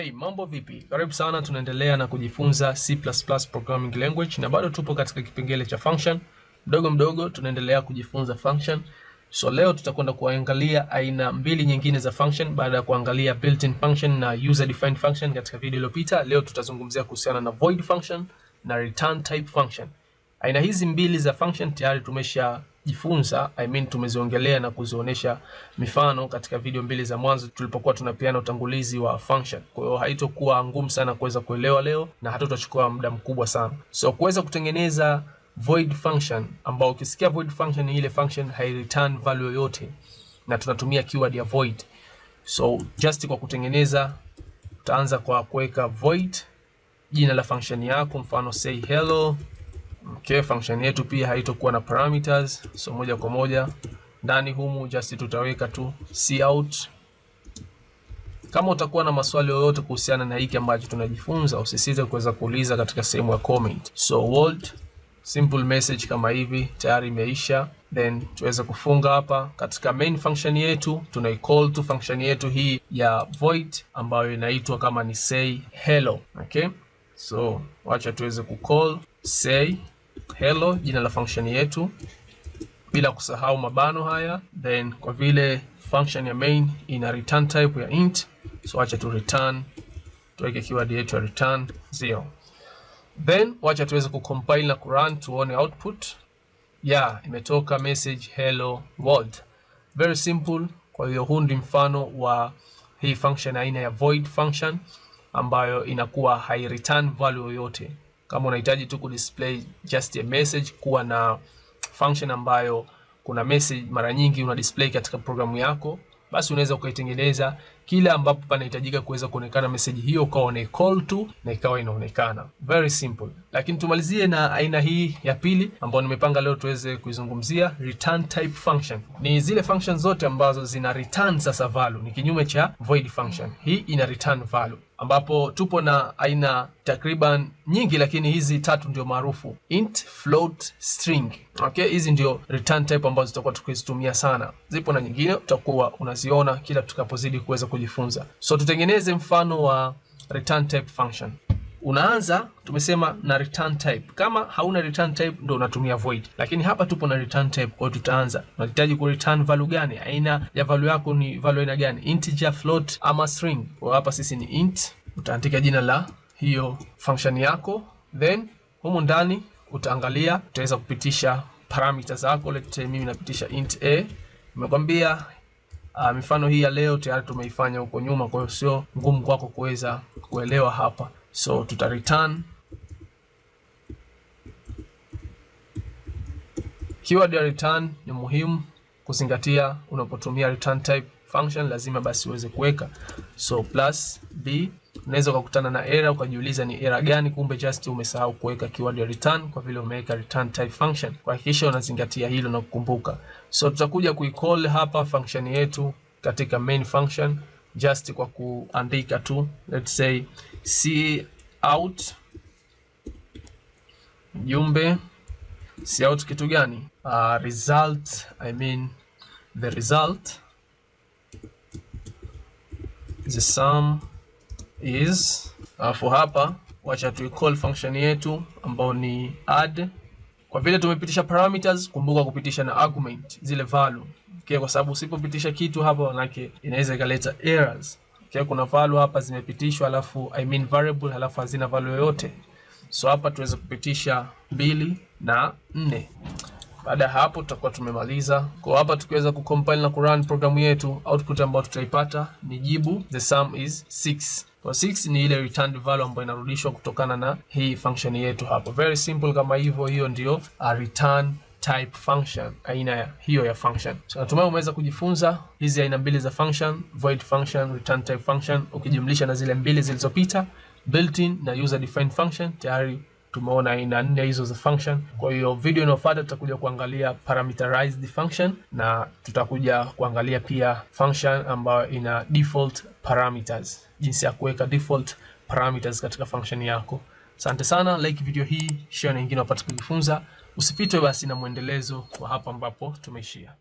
Hey, mambo vipi? Karibu sana, tunaendelea na kujifunza C++ programming language na bado tupo katika kipengele cha function. Mdogo mdogo tunaendelea kujifunza function. So leo tutakwenda kuangalia aina mbili nyingine za function baada ya kuangalia built-in function na user defined function katika video iliyopita. Leo tutazungumzia kuhusiana na void function na return type function. Aina hizi mbili za function tayari tumesha tumejifunza I mean, tumeziongelea na kuzionyesha mifano katika video mbili za mwanzo tulipokuwa tunapeana utangulizi wa function. Kwa hiyo haitokuwa ngumu sana kuweza kuelewa leo na hata tutachukua muda mkubwa sana. So kuweza kutengeneza void function ambao ukisikia void function ni ile function hai return value yoyote na tunatumia keyword ya void. So just kwa kutengeneza utaanza kwa kuweka void jina la function yako, mfano say hello Okay, function yetu pia haitokuwa na parameters, so moja kwa moja ndani humu just tutaweka tu cout. Kama utakuwa na maswali yoyote kuhusiana na hiki ambacho tunajifunza, usisite kuweza kuuliza katika sehemu ya comment. So world simple message kama hivi tayari imeisha, then tuweze kufunga hapa. Katika main function yetu Tunai call tu function yetu hii ya void ambayo inaitwa kama ni say hello. Okay, so wacha tuweze ku call say hello, jina la function yetu, bila kusahau mabano haya. Then kwa vile function ya main ina return type ya int, so acha tu return, tuweke keyword yetu ya return 0. Then wacha tuweze kucompile na kurun tuone output. Yeah, imetoka message hello world. Very simple. Kwa hiyo huu ndio mfano wa hii function aina ya void function ambayo inakuwa hai return value yoyote. Kama unahitaji tu kudisplay just a message, kuwa na function ambayo kuna message mara nyingi una display katika programu yako, basi unaweza ukaitengeneza kila ambapo panahitajika kuweza kuonekana message hiyo, ukawa na call to na ikawa inaonekana very simple. Lakini tumalizie na aina hii ya pili ambayo nimepanga leo tuweze kuizungumzia, return type function. Ni zile function zote ambazo zina return sasa value, ni kinyume cha void function. Hii ina return value ambapo tupo na aina takriban nyingi, lakini hizi tatu ndio maarufu: int, float, string. Okay, hizi ndio return type ambazo tutakuwa tukizitumia sana. Zipo na nyingine, utakuwa unaziona kila tutakapozidi kuweza ku kujifunza. So tutengeneze mfano wa return type function. Unaanza tumesema na return type. Kama hauna return type ndio unatumia void, lakini hapa tupo na return type. Kwa tutaanza, unahitaji ku return value gani? Aina ya value yako ni value aina gani? Integer, float ama string? Kwa hapa sisi ni int. Utaandika jina la hiyo function yako, then humu ndani utaangalia, utaweza kupitisha parameters zako. Let's say mimi napitisha int a. Nimekwambia Uh, mifano hii ya leo tayari tumeifanya huko nyuma, kwa hiyo sio ngumu kwako kuweza kuelewa hapa. So tuta return keyword ya return ni muhimu kuzingatia unapotumia return type function, lazima basi uweze kuweka so plus b unaweza ukakutana na error ukajiuliza ni error gani, kumbe just umesahau kuweka keyword ya return kwa vile umeweka return type function. Kwa unazingatia hilo na kukumbuka. So tutakuja kuicall hapa function yetu katika main function just kwa kuandika tu let's say out jumbe out kitu gani? Uh, result I mean the result the sum is. Alafu hapa wacha tu call function yetu ambao ni add. Kwa vile tumepitisha parameters, kumbuka kupitisha na argument zile value. Okay, kwa sababu usipopitisha kitu hapa manake inaweza ikaleta errors. Okay, kuna value hapa zimepitishwa alafu I mean variable alafu hazina value yoyote. So hapa tuweze kupitisha mbili na nne. Baada ya hapo tutakuwa tumemaliza. Kwa hapa tukiweza kucompile na kurun programu yetu, output ambayo tutaipata ni jibu the sum is 6. Kwa 6 ni ile returned value ambayo inarudishwa kutokana na hii function yetu hapo. Very simple kama hivyo, hiyo ndio a return type function, aina ya hiyo ya function. So, natumai umeweza kujifunza hizi aina mbili za function, void function, return type function, ukijumlisha na zile mbili zilizopita built-in na user defined function tayari tumeona aina nne hizo za function. Kwa hiyo video inayofuata tutakuja kuangalia parameterized function na tutakuja kuangalia pia function ambayo ina default parameters, jinsi ya kuweka default parameters katika function yako. Asante sana, like video hii, share na wengine wapate kujifunza. Usipitwe basi na mwendelezo wa hapa ambapo tumeishia.